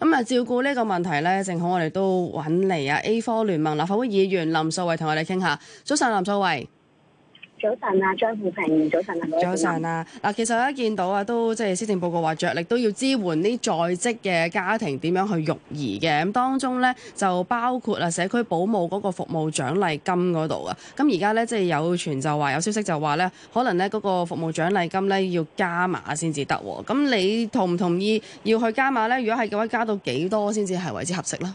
咁啊，照顧呢個問題咧，正好我哋都揾嚟啊，A4 聯盟立法會議員林素蔚同我哋傾下。早晨，林素蔚。早晨啊，張富平，早晨啊，能能早晨啊，嗱，其實咧見到啊，都即係施政報告話着力都要支援啲在職嘅家庭點樣去育兒嘅，咁當中呢，就包括啊社區保母嗰個服務獎勵金嗰度啊，咁而家呢，即係有傳就話有消息就話呢，可能呢嗰個服務獎勵金呢要加碼先至得喎，咁你同唔同意要去加碼呢？如果係嘅話，加到幾多先至係為之合適呢？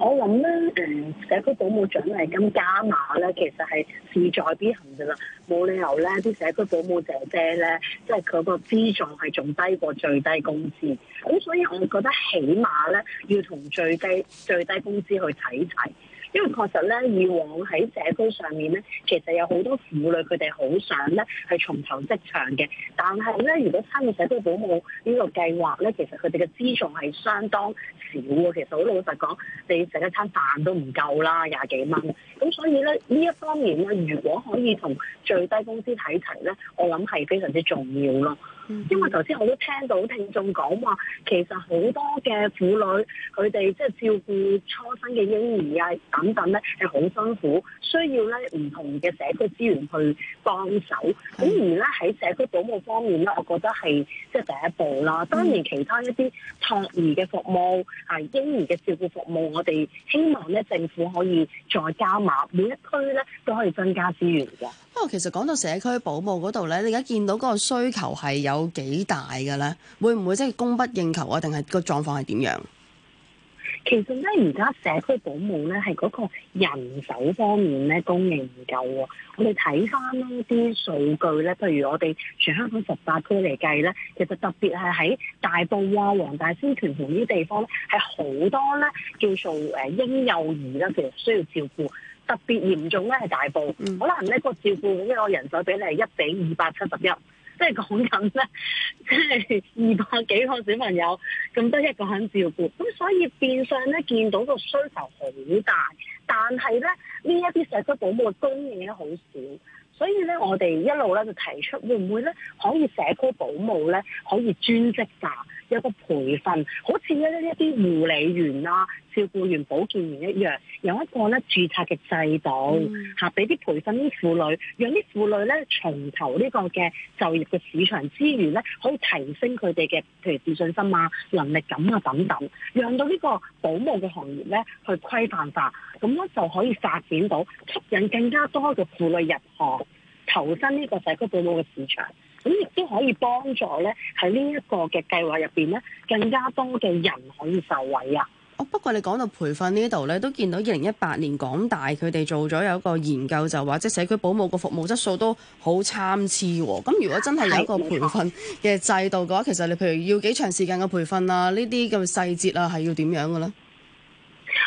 我諗咧，誒社區保母獎勵金加碼咧，其實係事在必行嘅啦，冇理由咧啲社區保母姐姐咧，即係佢個資助係仲低過最低工資，咁所以我覺得起碼咧，要同最低最低工資去睇齊。因為確實咧，以往喺社區上面咧，其實有好多婦女佢哋好想咧係重投職場嘅，但係咧，如果參與社區保母呢個計劃咧，其實佢哋嘅資助係相當少喎。其實好老實講，你食一餐飯都唔夠啦，廿幾蚊。咁所以咧，呢一方面咧，如果可以同最低工資睇齊咧，我諗係非常之重要咯。因為頭先我都聽到聽眾講話，其實好多嘅婦女佢哋即係照顧初生嘅嬰兒啊等等咧係好辛苦，需要咧唔同嘅社區資源去幫手。咁 Okay. 而咧喺社區保母方面咧，我覺得係即係第一步啦。當然其他一啲托兒嘅服務啊、嬰兒嘅照顧服務，我哋希望咧政府可以再加碼，每一區咧都可以增加資源㗎。不過其實講到社區保母嗰度咧，你而家見到嗰個需求係有。有幾大嘅咧？會唔會即係供不應求啊？定係個狀況係點樣？其實咧，而家社區保母咧係嗰個人手方面咧供應唔夠。我哋睇翻呢啲數據咧，譬如我哋全香港十八區嚟計咧，其實特別係喺大埔啊、黃大仙、屯門呢啲地方咧，係好多咧叫做誒嬰幼兒咧，其實需要照顧。特別嚴重咧係大埔，嗯、可能呢、呢個照顧嘅我人手比例係一比二百七十一。即係講緊咧，即係二百幾個小朋友咁多一個人肯照顧，咁所以變相咧見到個需求好大，但係咧呢一啲社區保母供應得好少，所以咧我哋一路咧就提出會會，會唔會咧可以社區保母咧可以專職㗎？一個培訓，好似一啲一啲護理員啊、照顧員、保健員一樣，有一個咧註冊嘅制度嚇，俾啲、嗯、培訓啲婦女，讓啲婦女咧重投呢個嘅就業嘅市場之餘，咧，可以提升佢哋嘅譬如自信心啊、能力感啊等等，讓到呢個保母嘅行業咧去規範化，咁咧就可以發展到吸引更加多嘅婦女入行，投身呢個社區保母嘅市場。咁亦都可以幫助咧，喺呢一個嘅計劃入邊咧，更加多嘅人可以受惠啊！哦，不過你講到培訓呢度咧，都見到二零一八年港大佢哋做咗有一個研究就，就話即係社區保母個服務質素都好參差喎。咁、哦、如果真係有一個培訓嘅制度嘅話，其實你譬如要幾長時間嘅培訓啊，呢啲咁細節啊，係要點樣嘅咧？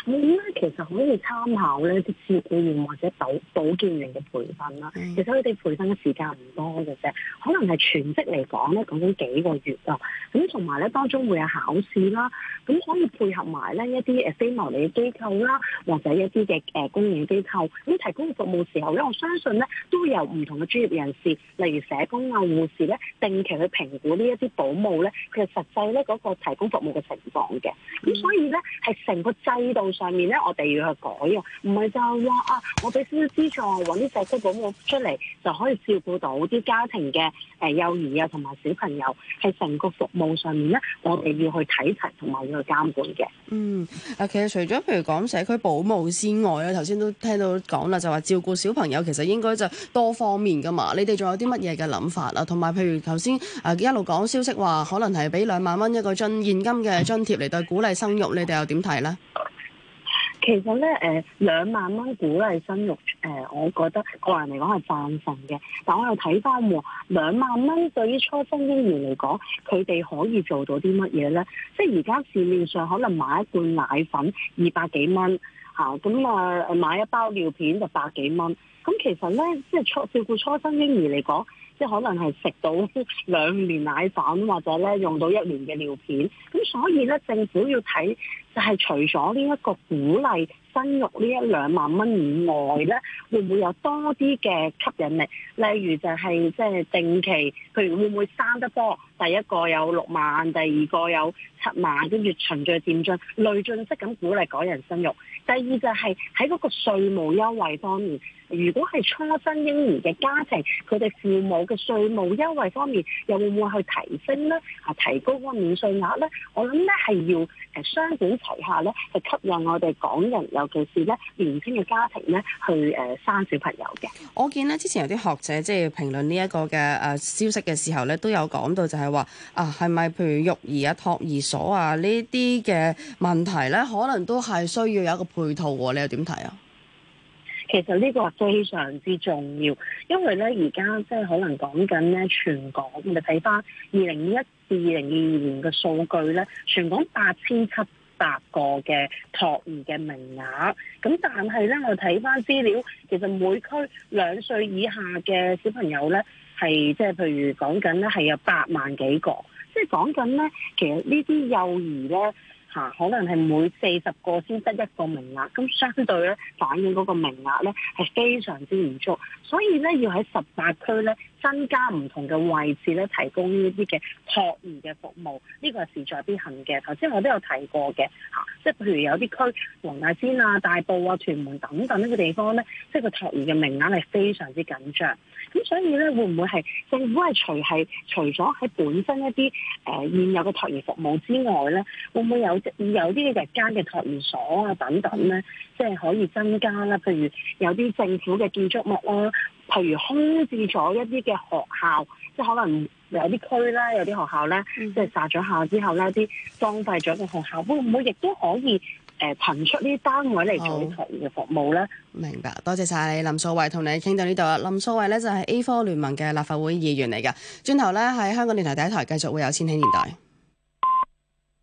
咁咧、嗯、其實可以參考呢啲照顧員或者保保健員嘅培訓啦，嗯、其實佢哋培訓嘅時間唔多嘅啫，可能係全職嚟講呢講緊幾個月咯。咁同埋呢，當中會有考試啦，咁、嗯、可以配合埋呢一啲誒非牟利嘅機構啦，或者一啲嘅誒公營機構，咁、嗯、提供服務時候呢，我相信呢，都有唔同嘅專業人士，例如社工啊、護士呢，定期去評估呢一啲保母呢。佢嘅實際咧嗰、那個提供服務嘅情況嘅。咁、嗯、所以呢，係成個制度。上面咧，我哋要去改啊，唔係就話啊，我俾少少資助，搵啲社區保母出嚟，就可以照顧到啲家庭嘅誒幼兒啊，同埋小朋友。係成個服務上面咧，我哋要去睇齊，同埋要去監管嘅。嗯，啊，其實除咗譬如講社區保母之外咧，頭先都聽到講啦，就話照顧小朋友其實應該就多方面噶嘛。你哋仲有啲乜嘢嘅諗法啊？同埋譬如頭先啊一路講消息話，可能係俾兩萬蚊一個津現金嘅津貼嚟對鼓勵生育，你哋又點睇呢？其實咧，誒、呃、兩萬蚊鼓勵生育，誒、呃、我覺得個人嚟講係贊成嘅。但我又睇翻喎，兩萬蚊對於初生嬰兒嚟講，佢哋可以做到啲乜嘢咧？即係而家市面上可能買一罐奶粉二百幾蚊嚇，咁啊、啊買一包尿片就百幾蚊。咁、啊、其實咧，即係初照顧初生嬰兒嚟講，即係可能係食到兩年奶粉，或者咧用到一年嘅尿片，咁所以咧政府要睇就係除咗呢一個鼓勵生育呢一兩萬蚊以外呢會唔會有多啲嘅吸引力？例如就係即係定期，譬如會唔會生得多？第一個有六萬，第二個有七萬，跟住循序漸進，累進式咁鼓勵港人生育。第二就係喺嗰個稅務優惠方面，如果係初生嬰兒嘅家庭，佢哋父母嘅稅務優惠方面又會唔會去提升呢？啊，提高個免稅額呢？我諗呢係要。雙管齊下咧，係吸引我哋港人，尤其是咧年輕嘅家庭咧，去誒生小朋友嘅。我見呢之前有啲學者即係評論呢一個嘅誒消息嘅時候咧，都有講到就係話啊，係咪譬如育兒啊、託兒所啊呢啲嘅問題咧，可能都係需要有一個配套喎，啊？你又點睇啊？其實呢個非常之重要，因為呢而家即係可能講緊呢全港，我哋睇翻二零二一至二零二二年嘅數據呢全港八千七百個嘅托兒嘅名額，咁但係呢，我睇翻資料，其實每區兩歲以下嘅小朋友呢，係即係譬如講緊呢係有八萬幾個，即係講緊呢，其實呢啲幼兒呢。可能係每四十個先得一個名額，咁相對咧反映嗰個名額咧係非常之唔足，所以咧要喺十八區咧增加唔同嘅位置咧提供呢啲嘅託兒嘅服務，呢、這個係時在必行嘅。頭先我都有提過嘅嚇、啊，即係譬如有啲區，黃大仙啊、大埔啊、屯門等等呢個地方咧，即係個託兒嘅名額係非常之緊張。咁所以咧，會唔會係政府係除係除咗喺本身一啲誒、呃、現有嘅托兒服務之外咧，會唔會有有啲日間嘅托兒所啊等等咧，即係可以增加啦，譬如有啲政府嘅建築物啦，譬如空置咗一啲嘅學校，即係可能有啲區啦，有啲學校咧，即係殺咗校之後咧，啲荒廢咗嘅學校會唔會亦都可以？誒騰、呃、出呢啲單位嚟做呢類嘅服務咧，明白，多謝晒你，林素蔚，同你傾到呢度啦。林素蔚咧就係、是、A4 聯盟嘅立法會議員嚟㗎。轉頭咧喺香港電台第一台繼續會有《千禧年代》。